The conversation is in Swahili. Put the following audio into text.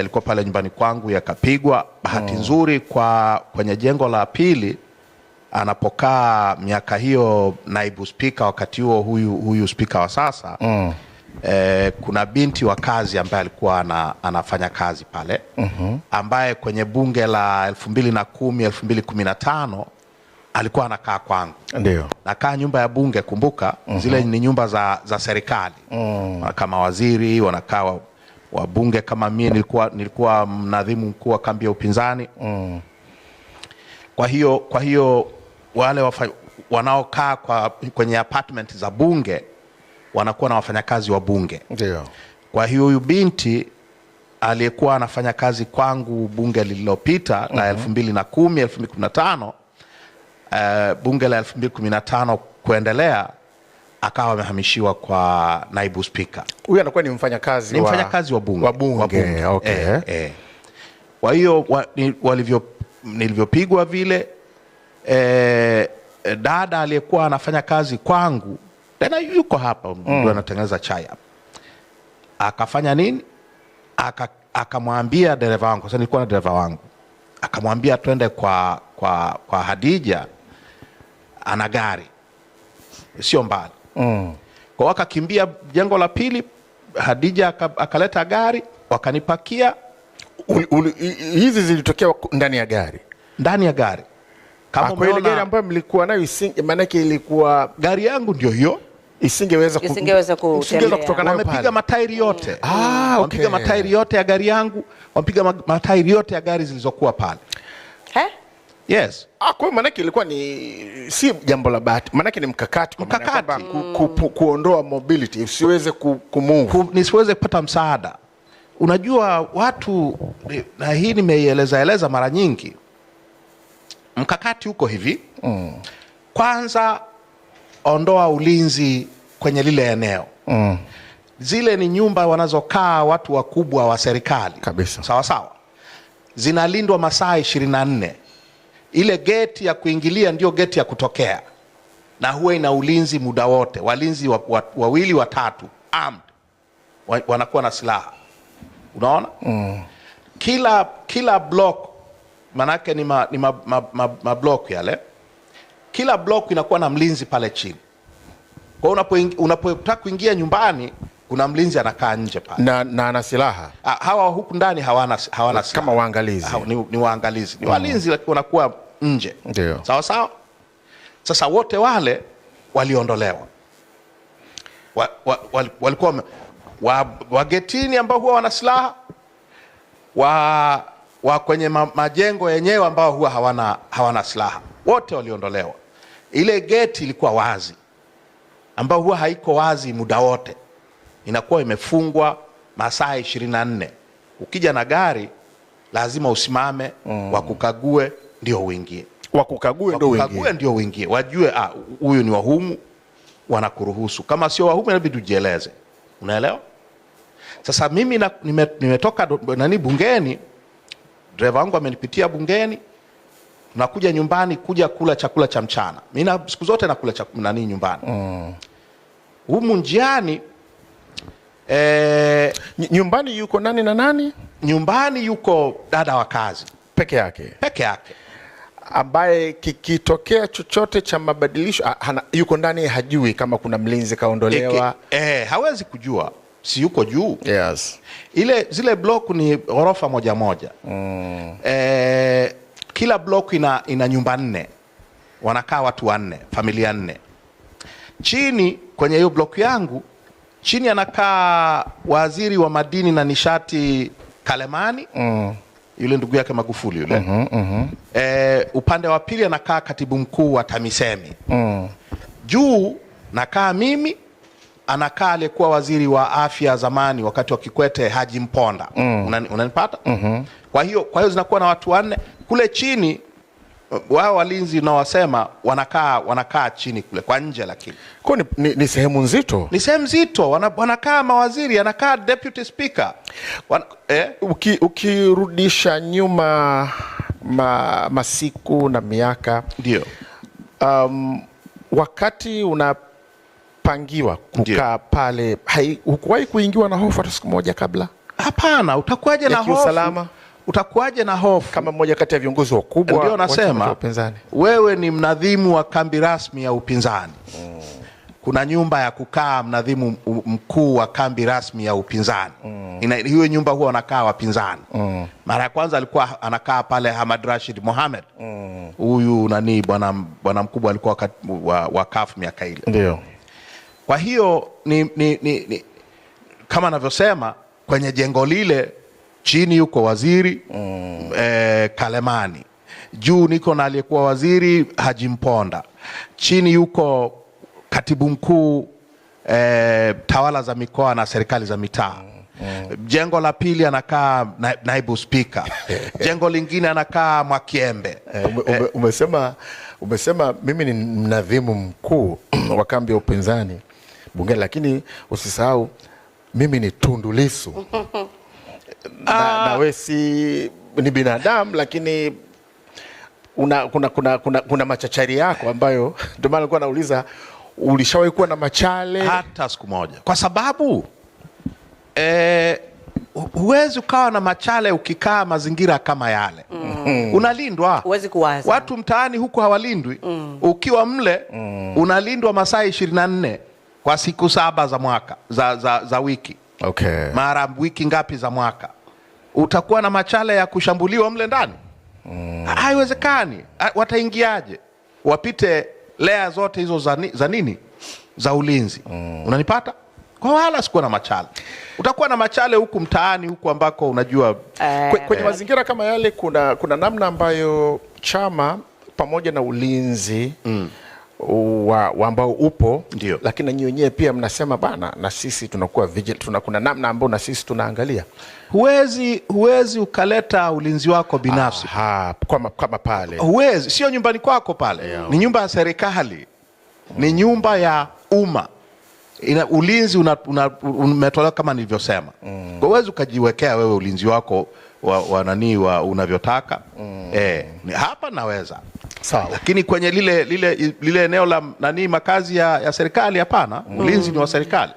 yalikuwa pale nyumbani kwangu yakapigwa. Bahati mm. nzuri kwa kwenye jengo la pili anapokaa miaka hiyo naibu spika wakati huo huyu, huyu spika wa sasa mm. E, kuna binti wa kazi ambaye alikuwa ana, anafanya kazi pale mm -hmm. ambaye kwenye bunge la elfu mbili na kumi elfu mbili kumi na tano alikuwa anakaa kwangu, ndio nakaa nyumba ya bunge. Kumbuka mm -hmm. zile mm-hmm. ni nyumba za, za serikali mm. kama waziri wanakaa wabunge kama mie nilikuwa, nilikuwa mnadhimu mkuu wa kambi ya upinzani mm. Kwa hiyo, kwa hiyo wale wafa, wanaokaa kwa, kwenye apartment za bunge wanakuwa na wafanyakazi wa bunge ndio. Kwa hiyo huyu binti aliyekuwa anafanya kazi kwangu bunge lililopita mm -hmm. la mhm. elfu mbili na kumi elfu mbili kumi na tano uh, bunge la elfu mbili kumi na tano kuendelea akawa amehamishiwa kwa naibu spika. Huyu anakuwa ni mfanyakazi wa, mfanyakazi wa bunge, wa bunge. Wa bunge. Eh, okay. Eh, eh. Kwa hiyo wa, walivyo nilivyopigwa vile eh, dada aliyekuwa anafanya kazi kwangu tena yuko hapa mm. ndio anatengeneza chai hapa, akafanya nini, akamwambia dereva wangu, sasa nilikuwa na dereva wangu, akamwambia twende kwa, kwa, kwa Hadija ana gari sio mbali mm. Kwa wakakimbia jengo la pili, Hadija akaleta gari wakanipakia. Hizi zilitokea ndani ya gari, ndani ya gari kama ah, ile gari ambayo mlikuwa nayo isinge, maanake ilikuwa gari yangu ndio hiyo, isingeweza isingeweza kutoka nayo. Wamepiga matairi yote ah, mm. ah, okay. Wamepiga matairi yote ya gari yangu, wamepiga matairi yote ya gari zilizokuwa pale eh? Yes. Ah, kwa maanake ilikuwa ni si jambo la bahati, maanake ni mkakati, kwa mkakati. Ku, ku, kuondoa mobility usiweze ku, move. ku, nisiweze kupata msaada. Unajua watu na hii nimeieleza eleza mara nyingi, mkakati uko hivi mm. Kwanza ondoa ulinzi kwenye lile eneo mm. Zile ni nyumba wanazokaa watu wakubwa wa serikali kabisa, sawa sawa, zinalindwa masaa ishirini na nne ile geti ya kuingilia ndio geti ya kutokea, na huwa ina ulinzi muda wote, walinzi wawili wa, wawili watatu armed wa, wanakuwa na silaha unaona mm. Kila kila block manake ni ni ma, ma, ma, ma, block yale, kila block inakuwa na mlinzi pale chini. Kwa hiyo unapotaka kuingia nyumbani kuna mlinzi anakaa nje pale na, na ana silaha ha, ah, hawa huku ndani hawana, hawana silaha kama waangalizi ha, ni, ni waangalizi ni mm. walinzi lakini wanakuwa nje ndio sawa sawa sasa wote wale waliondolewa wa, wa, wa, walikuwa wa, getini ambao huwa wana silaha wa, wa kwenye ma, majengo yenyewe ambao huwa hawana, hawana silaha wote waliondolewa ile geti ilikuwa wazi ambao huwa haiko wazi muda wote inakuwa imefungwa masaa ishirini na nne. Ukija na gari lazima usimame mm. wakukague ndio uingie, wakukague ndio uingie, ndio uingie, wajue ah, huyu ni wahumu, wanakuruhusu. Kama sio wahumu, inabidi ujieleze, unaelewa? Sasa mimi na, nime, nimetoka nani bungeni, dereva wangu amenipitia bungeni, tunakuja nyumbani kuja kula chakula cha mchana. Mimi siku zote nakula chakula nani nyumbani mm. humu njiani E, nyumbani yuko nani na nani? Nyumbani yuko dada wa kazi peke yake, peke yake ambaye kikitokea chochote cha mabadilisho ah, hana, yuko ndani, hajui kama kuna mlinzi kaondolewa. E, hawezi kujua, si yuko juu. Yes. Ile zile block ni ghorofa moja moja. Mm. E, kila block ina, ina nyumba nne, wanakaa watu wanne, familia nne. Chini kwenye hiyo block yangu Chini anakaa waziri wa madini na nishati Kalemani mm. yule ndugu yake Magufuli yule mm -hmm, mm -hmm. E, upande wa pili anakaa katibu mkuu wa TAMISEMI mm. juu nakaa mimi, anakaa aliyekuwa waziri wa afya zamani wakati wa Kikwete Haji Mponda mm. unanipata? mm -hmm. kwa hiyo kwa hiyo zinakuwa na watu wanne kule chini wao walinzi unawasema wanakaa wanakaa chini kule kwa nje, lakini kwa ni, ni, ni sehemu nzito, ni sehemu nzito. wanakaa mawaziri, anakaa deputy speaker Wan, eh? Uki, ukirudisha nyuma ma, masiku na miaka ndio um, wakati unapangiwa kukaa pale, hukuwahi kuingiwa na hofu hata siku moja kabla? Hapana, utakuwaje na hofu usalama utakuwaje na hofu kama mmoja kati ya viongozi wakubwa? Ndio nasema wewe ni mnadhimu wa kambi rasmi ya upinzani mm. Kuna nyumba ya kukaa mnadhimu mkuu wa kambi rasmi ya upinzani mm. Ina, hiyo nyumba huwa wanakaa wapinzani mm. Mara ya kwanza alikuwa anakaa pale Hamad Rashid Mohamed mm. huyu mm. nani bwana bwana mkubwa alikuwa wa, wa kafu miaka ile ndio. Kwa hiyo ni, ni, ni, ni, kama anavyosema kwenye jengo lile chini yuko waziri mm. e, Kalemani, juu niko na aliyekuwa waziri Haji Mponda, chini yuko katibu mkuu e, tawala za mikoa na serikali za mitaa mm. jengo la pili anakaa na, naibu spika jengo lingine anakaa Mwakiembe. Eh, ume, ume, umesema, umesema mimi ni mnadhimu mkuu wa kambi ya upinzani bungeni, lakini usisahau mimi ni Tundu Lissu na, ah. na we si ni binadamu lakini una, kuna, kuna, kuna, kuna machachari yako ambayo ndio maana nilikuwa nauliza ulishawahi kuwa na machale? Hata siku moja, kwa sababu eh, huwezi ukawa na machale ukikaa mazingira kama yale mm. Unalindwa, huwezi kuwaza. Watu mtaani huku hawalindwi mm. Ukiwa mle mm. unalindwa masaa ishirini na nne kwa siku saba za mwaka za, za, za wiki okay. mara wiki ngapi za mwaka utakuwa na machale ya kushambuliwa mle ndani mm. Haiwezekani. Wataingiaje? wapite lea zote hizo za, ni, za nini za ulinzi mm. Unanipata? Kwa wala sikuwa na machale, utakuwa na machale huku mtaani huku ambako unajua eh, kwenye eh, mazingira kama yale kuna, kuna namna ambayo chama pamoja na ulinzi mm wa, wa ambao upo Ndiyo. Lakini nanyi wenyewe pia mnasema bana, na sisi tunakuwa vigil, kuna namna ambayo na sisi tunaangalia. Huwezi huwezi ukaleta ulinzi wako binafsi Aha, kama, kama pale huwezi, sio nyumbani kwako pale yeah. Ni nyumba ya serikali, ni nyumba ya umma ina, ulinzi umetolewa una, kama nilivyosema mm. Huwezi ukajiwekea wewe ulinzi wako wa, wa nani wa unavyotaka mm. E, hapa naweza Sawa. Lakini kwenye lile lile lile eneo la nani makazi ya, ya serikali hapana, mm. ulinzi mm. ni wa serikali.